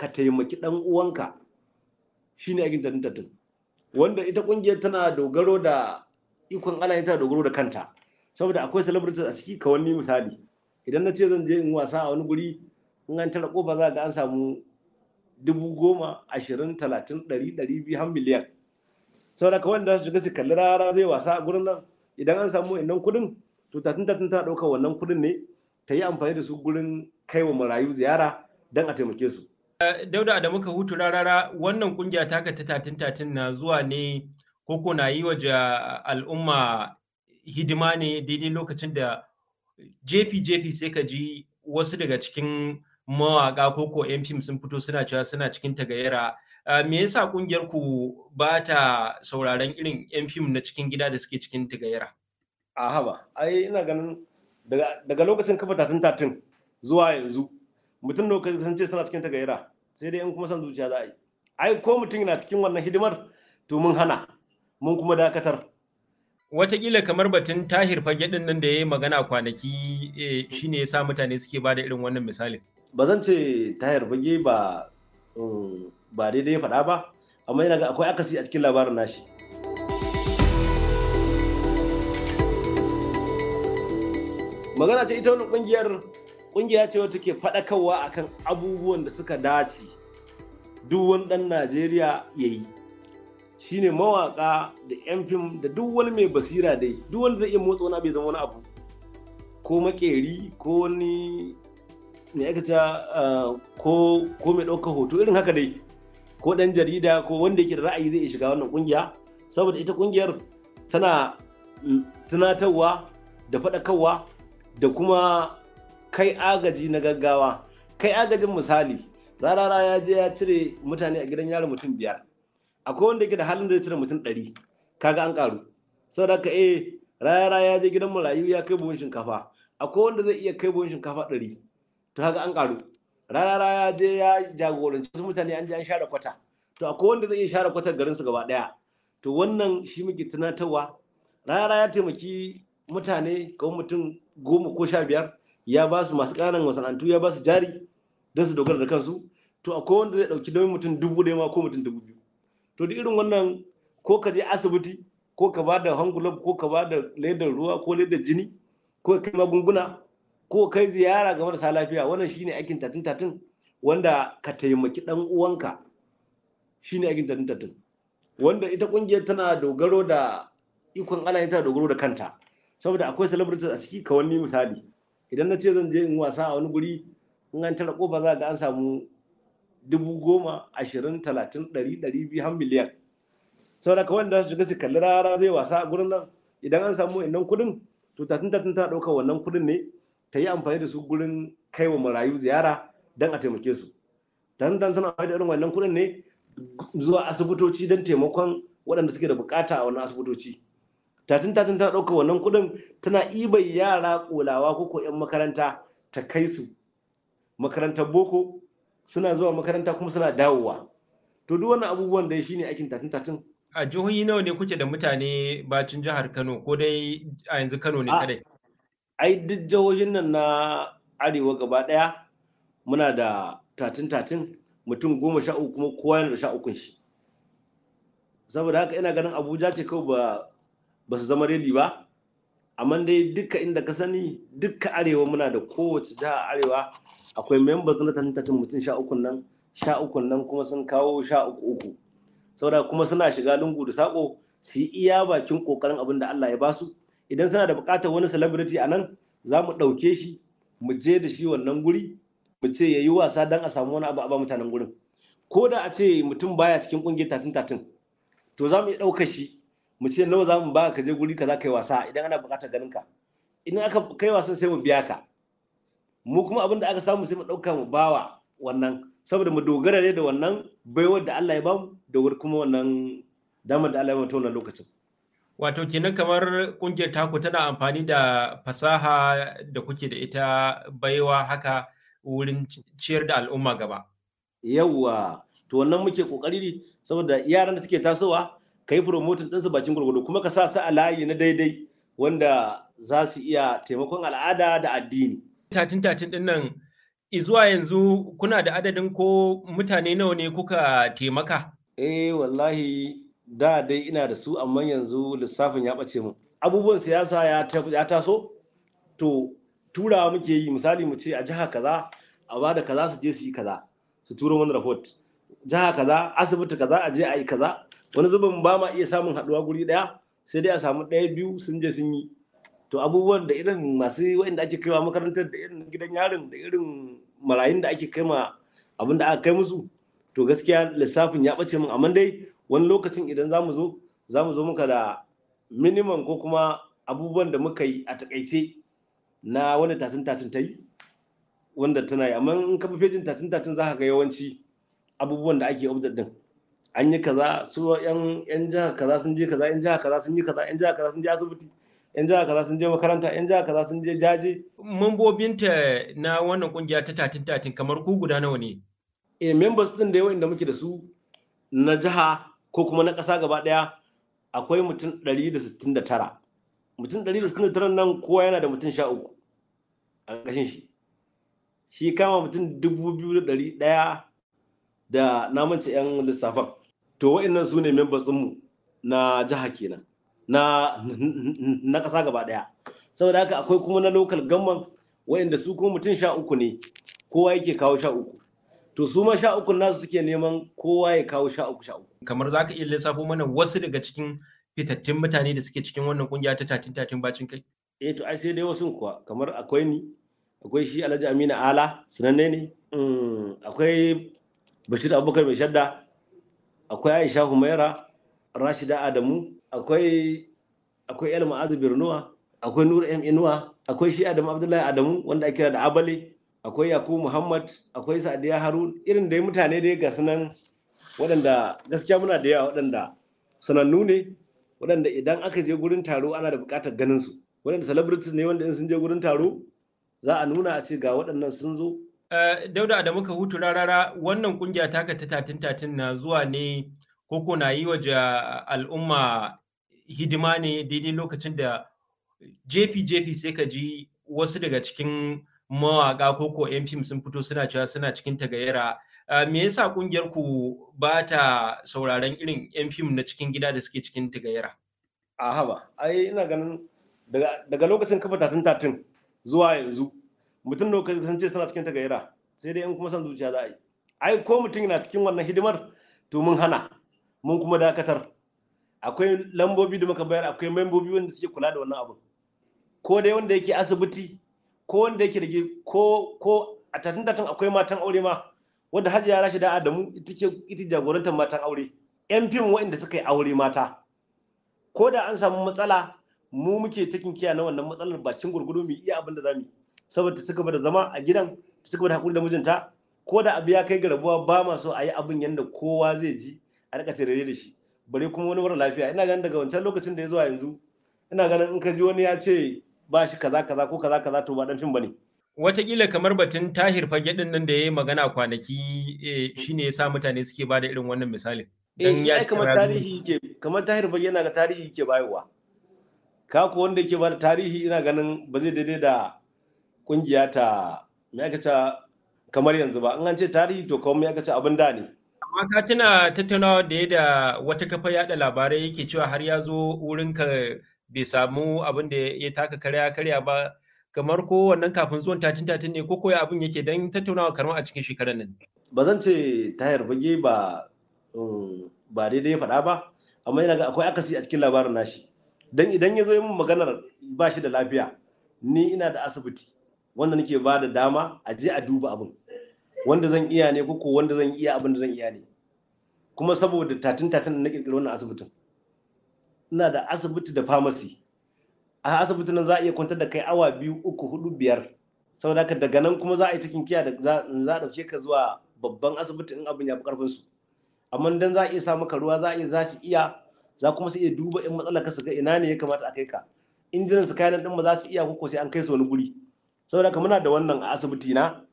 ka taimaki dan uwanka shine aikin tattalin wanda ita kungiyar tana dogaro da ikon Allah tana dogaro da kanta saboda akwai celebrities a ciki ka wani misali idan na ce zan je in wasa a wani guri in an tara kofa za ga an samu dubu goma ashirin talatin ɗari ɗari biyu har miliyan saboda ka wanda su shiga su kalli rara zai wasa a gurin nan idan an samu nan kudin to tatin tatin ta ɗauka wannan kudin ne ta yi amfani da su gurin kai wa marayu ziyara don a taimake su Dauda da muka hutu rarara wannan kungiya taka ta tatin tatin na zuwa ne ko na yi waje al'umma hidima ne daidai lokacin da jefi jefi sai ka ji wasu daga cikin mawaka ko mp fim sun fito suna cewa suna cikin tagayyara me yasa kungiyar ku ba ta sauraron irin mp fim na cikin gida da suke cikin tagayyara a haba ai ina ganin daga lokacin kafa tatin tatin zuwa yanzu mutum sun ce suna cikin tagayyara sai dai in kuma son zuciya za a yi ai ko mutum yana cikin wannan hidimar to mun hana mun kuma dakatar watakila kamar batun tahir fage din nan da ya yi magana kwanaki eh, shine ya sa mutane suke ba da irin wannan misali. ba zan ce tahir fage ba um, ba daidai ya faɗa ba amma yana ga akwai akasi a cikin labarin nashi magana ce ita wani kungiyar kungiya ce wata ke faɗakarwa akan abubuwan da suka dace duk wani ɗan najeriya ya yi Shi ne mawaƙa da yan fim da duk wani mai basira dai duk wani zai iya motsa wani abu ya zama wani abu ko makeri ko wani mai aikata ah, ko mai ɗaukar hoto irin haka dai ko dan jarida ko wanda yake da ra'ayi zai iya shiga wannan kungiya saboda ita kungiyar tana mm, tunatarwa da faɗakarwa da kuma kai agaji na gaggawa kai agajin misali rarara ya je ya cire mutane a gidan yaro mutum biyar akwai wanda yake da halin da ya cire mutum ɗari kaga an karu saboda ka eh rarara ya je gidan marayu ya kai buhun shinkafa akwai wanda zai iya kai buhun shinkafa ɗari to kaga an karu rarara ya je ya jagoranci wasu mutane an je an share kwata to akwai wanda zai iya share kwatar garin su gaba ɗaya to wannan shi muke tunatarwa rarara ya taimaki mutane kawai mutum goma ko sha biyar ya ba su masu ƙananan masana'antu ya ba su jari don su dogara da kansu to akwai wanda zai dauki nauyin mutum dubu ɗaya ma ko mutum dubu biyu to da irin wannan ko ka je asibiti ko ka ba da hangulab ko ka ba da ledar ruwa ko ledar jini ko kai magunguna ko kai ziyara ga marasa lafiya wannan shine aikin tatin tatin wanda ka taimaki dan uwanka shine aikin tatin tatin wanda ita kungiyar tana dogaro da ikon Allah tana dogaro da kanta saboda akwai celebrities a ciki ka wani misali idan na ce zan je in wasa a wani guri in an tara kofa za ga an samu dubu goma ashirin talatin ɗari ɗari biyu har miliyan saboda wanda su shiga su kalli rara zai wasa a gurin nan idan an samu innan kudin to ta tatin ta ɗauka wannan kudin ne ta yi amfani da su gurin kai wa marayu ziyara don a taimake su tatin tatin tana amfani da irin wannan kudin ne zuwa asibitoci don taimakon waɗanda suke da bukata a wannan asibitoci ta tatin ta ɗauka wannan kudin tana ibai yara kulawa ko ko 'yan makaranta ta kai su makarantar boko suna zuwa makaranta kuma suna dawowa to duk wannan abubuwan dai shine aikin tatun-tatun. a jihohi nawa ne kuke da mutane bacin jihar Kano ko dai a yanzu Kano ne kadai ai duk jihohin nan na arewa gaba daya muna da tatun-tatun mutum goma sha uku kuma kowa yana da sha ukun shi saboda haka ina ganin Abuja ce kawai ba ba su zama redi ba amma dai duka inda ka sani duka arewa muna da kowace jiha arewa akwai members na tattalin mutum sha ukun nan sha uku nan kuma sun kawo sha uku uku saboda kuma suna shiga lungu da sako su yi iya bakin kokarin abin da Allah ya ba su idan suna da buƙatar wani celebrity a nan za mu ɗauke shi mu je da shi wannan guri mu ce ya yi wasa don a samu wani abu a ba mutanen gurin ko da a ce mutum baya cikin ƙungiyar tatin tatin to za mu iya ɗaukar shi mu ce nawa za mu ba ka je guri ka za ka yi wasa idan ana buƙatar ganin ka idan aka kai wasan sai mu biya ka mu kuma abin da aka samu sai mu ɗauka mu bawa wannan saboda mu dogara ne da wannan baiwar da Allah ya bamu da kuma wannan damar da Allah ya ta wannan lokacin wato kenan kamar ƙungiyar taku tana amfani da fasaha da kuke da ita baiwa haka wurin ciyar da al'umma gaba yawwa to wannan muke kokari ne saboda yaran da suke tasowa kai promoting ɗinsu bakin gurgudu kuma ka sa su a layi na daidai wanda za su iya taimakon al'ada da addini tatin-tatin ɗin nan zuwa yanzu kuna da adadin ko mutane nawa ne kuka taimaka? Eh wallahi da dai ina da su amma yanzu lissafin ya ɓace mu. Abubuwan siyasa ya taso to turawa muke yi misali mu ce a jiha kaza a ba da kaza su je su yi kaza su turo mana rahot. Jiha kaza asibiti kaza a je a yi kaza wani mu ba ma iya samun haɗuwa guri ɗaya sai dai a samu ɗaya biyu sun je sun yi to abubuwan da irin masu da ake kai wa makarantar da irin gidan yarin da irin marayun da ake kai ma abin da aka kai musu to gaskiya lissafin ya ɓace min amma dai wani lokacin idan za mu zo za mu zo muka da minimum ko kuma abubuwan da muka yi a takaice na wani tatin tatin ta yi wanda tana yi amma in ka fi fejin tatin tatin za ka ga yawanci abubuwan da ake objet din an yi kaza su yan yan jihar kaza sun je kaza yan jihar kaza sun yi kaza yan jihar kaza sun je asibiti yan jiha kaza sun je makaranta yan jiha kaza sun je jaji membobinta na wannan kungiya ta tatin tatin kamar ku guda nawa ne eh members din da yawa inda muke da su na jiha ko kuma na ƙasa gaba daya akwai mutum 169 mutum 169 nan kowa yana da mutum 13 a ƙarƙashin shi shi kama mutum 2,100 da namance 'yan lissafan to wa'annan su ne members mu na jiha kenan na na kasa gaba daya saboda haka akwai kuma na local gamman wayanda su kuma mutum sha uku ne kowa yake kawo sha uku to su ma sha uku nasu suke neman kowa ya kawo sha uku sha uku kamar za ka iya lissafo mana wasu daga cikin fitattun mutane da suke cikin wannan kungiya ta tatin tatin bacin kai eh to ai sai dai wasu kuwa kamar akwai ni akwai shi Alhaji amina Ala sananne ne mm, akwai Bashir Abubakar mai shadda akwai Aisha Humaira rashida adamu akwai akwai el nuwa akwai nur m inuwa akwai shi adamu abdullahi adamu wanda ake kira da abale akwai yakubu muhammad akwai sadiya harun irin da mutane dai ga sunan waɗanda gaskiya muna da yawa waɗanda sanannu ne waɗanda idan aka je gurin taro ana da buƙatar ganin su waɗanda celebrities ne wanda in sun je gurin taro za a nuna a ce ga waɗannan sun zo eh, dauda da muka hutu rarara wannan kungiya taka ta tatin tatin na zuwa ne ko ko na yi wa al'umma hidima ne daidai lokacin da jefi-jefi sai ka ji wasu daga cikin mawaƙa ko ko yan fim sun fito suna cewa suna cikin tagayyara me yasa kungiyar ku ba ta sauraron irin yan fim na cikin gida da suke cikin tagayyara a haba ai ina ganin daga lokacin kafa tatun tatun zuwa yanzu mutum lokacin sun ce suna cikin tagayyara sai dai in kuma son zuciya za a yi ai ko mutum yana cikin wannan hidimar to mun hana mun kuma dakatar akwai lambobi da muka bayar akwai membobi wanda suke kula da wannan abin ko dai wanda yake asibiti ko wanda yake rage ko ko a tatin tatin akwai matan aure ma wanda hajiya rashi da adamu ita ke ita jagorantar matan aure yan fim waɗanda suka yi aure mata ko da an samu matsala mu muke takin kiya na wannan matsalar bakin gurguru mu iya abin da zamu saboda suka bada zama a gidan suka bada hakuri da mijinta ko da abu ya kai ga rabuwa ba ma so a yi abin yadda kowa zai ji a rika tirare da shi bare kuma wani mara lafiya ina ganin daga wancan lokacin da ya zuwa yanzu ina ganin in ka ji wani ya ce ba shi kaza kaza ko kaza kaza to ba dan fim bane Wataƙila kamar batun tahir fage din nan da ya yi magana kwanaki eh, shine ya sa mutane suke bada irin wannan misalin. Eh, dan ya kamar tarihi ke kamar tahir fage yana ga tarihi ke bayowa Ka ko wanda yake bada tarihi ina ganin ba zai daidai da kungiya ta me aka kamar yanzu ba in an ce tarihi to kawai me aka abin da ne. amma ka tattaunawa da ya da wata kafa yada labarai yake cewa har ya zo wurinka bai samu abin da ya taka karya karya ba kamar ko wannan kafin zuwan tatin tatin ne ko koya abin yake don tattaunawa karma a cikin shekarar nan ba zan ce ta bage ba um, ba daidai faɗa ba amma yana ga akwai akasi a cikin labarin nashi dan idan ya zo yi maganar ba shi da lafiya ni ina da asibiti wanda nake ba da dama a je a duba abin wanda zan iya ne ko wanda zan iya abin da zan iya ne kuma saboda tatin tatin na kirkiri wannan asibitin ina da asibiti da famasi a asibitin nan za a iya kwantar da kai awa biyu uku hudu biyar saboda haka daga nan kuma za a yi cikin kiya da za a dauke ka zuwa babban asibiti in abin ya fi karfin su amma dan za a iya samu ka ruwa za a iya za su iya za kuma su iya duba in matsalar ka su ga ina ne ya kamata a kai ka injinan su kayan din ba za su iya ko sai an kai su wani guri saboda haka muna da wannan a asibiti na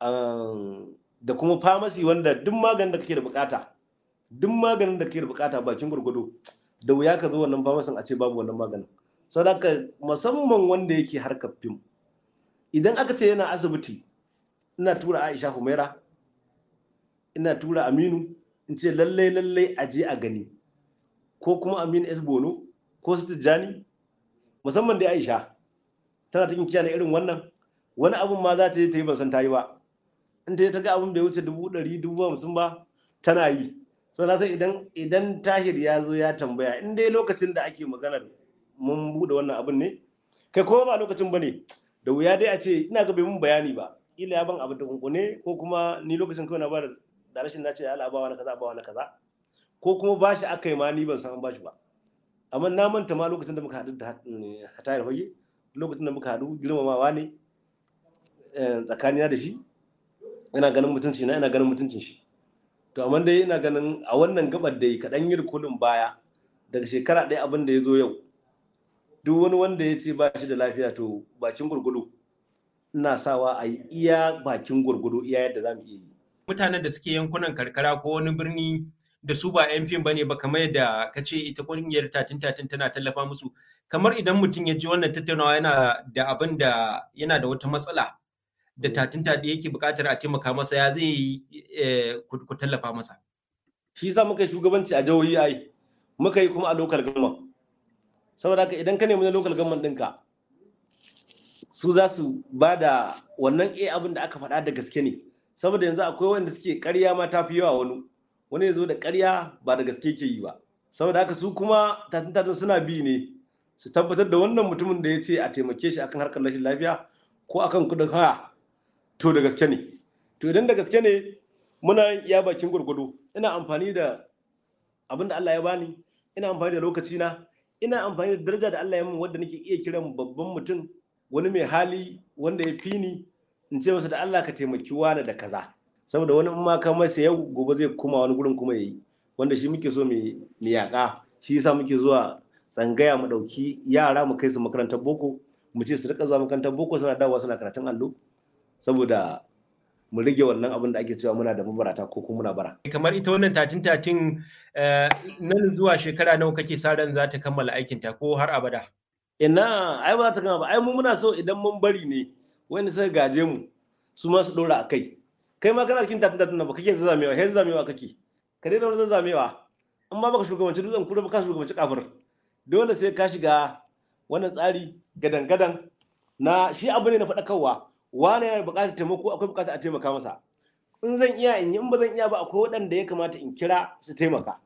da kuma famasi wanda duk maganin da kake da bukata duk maganin da kake da bukata bakin gurgudu da wuya ka zo wannan famasin a ce babu wannan maganin saboda musamman wanda yake harkar fim idan aka ce yana asibiti ina tura Aisha Humaira ina tura Aminu in ce lallai lallai a je a gani ko kuma Aminu S Bono ko su Tijjani musamman da Aisha tana cikin kiyana irin wannan wani abun ma za ta je ta yi ban san ta yi ba in ta ta ga abin ya wuce dubu ɗari dubu hamsin ba tana yi so na san idan idan tahir ya zo ya tambaya in dai lokacin da ake maganar mun buɗe wannan abin ne kai kuma ba lokacin ba ne da wuya dai a ce ina ga bai mun bayani ba ila ya ban abu da kunkune ko kuma ni lokacin kawai na ba da rashin na ce ala ba wani kaza ba wani kaza ko kuma bashi aka yi ma ni ban san an bashi ba amma na manta ma lokacin da muka haɗu da hatayar fage lokacin da muka haɗu girmamawa ne eh, tsakanina da shi ina ganin mutunci na ina ganin mutuncin shi to amma dai ina ganin a wannan gabar da kaɗan yi rikodin baya daga shekara ɗaya abin da ya zo yau duk wani wanda ya ce ba shi da lafiya to bakin gurgudu ina sawa a yi iya bakin gurgudu iya yadda za mu iya yi mutanen da suke yankunan karkara ko wani birni da su ba yan fim bane ba kamar yadda ka ce ita kungiyar tatin tatin tana tallafa musu kamar idan mutum ya ji wannan tattaunawa yana da abin da yana da wata matsala da tatin eh. taɗi yake buƙatar a taimaka masa ya zai eh, ku tallafa masa. Shi sa muka yi shugabanci a jihohi ai muka yi kuma a lokal gaman. Saboda haka idan ka nemi na lokal gaman ɗinka su za su ba da wannan eh abin da aka faɗa da gaske ne. Saboda yanzu akwai wanda suke ƙarya ma ta fi yawa wani wani ya zo da ƙarya ba da gaske ke yi ba. Saboda haka su kuma tatin tatin suna bi ne su tabbatar da wannan mutumin da ya ce a taimake shi akan harkar rashin lafiya ko akan kuɗin haya to da gaske ne to idan da gaske ne muna iya bakin gurgudu ina amfani da abin Allah ya bani ina amfani da lokaci na ina amfani da daraja da Allah ya min wanda nake iya kiran babban mutum wani mai hali wanda ya fi ni in ce masa da Allah ka taimaki wani da kaza saboda wani in ma ka masa yau gobe zai koma wani gurin kuma yayi wanda shi muke so mu yaƙa shi yasa muke zuwa tsangaya mu ɗauki yara mu kai su makarantar boko mu ce su rika zuwa makarantar boko suna dawowa suna karatun allo saboda mu rage wannan abin da ake cewa muna da mabarata ko kuma muna bara. Kamar ita wannan tatin tatin eh, nan zuwa shekara nawa kake sa ran za ta kammala aikin ta ko har abada? Ina ai ba za ta kammala ba ai mu muna so idan mun bari ne wani suka gaje mu su ma su dora akai. Kai ma kana cikin tatin tatin nan ba kake zazzamewa sai zamewa kake. Ka na wani zazzamewa in ba baka shugabanci dutsen kura ba ka shugabanci kafir. Dole sai ka shiga wannan tsari gadan-gadan na shi abu ne na faɗakarwa. wane yana bukatar taimako akwai buƙatar a taimaka masa in zan iya in yi in ba zan iya ba akwai waɗanda ya kamata in kira su taimaka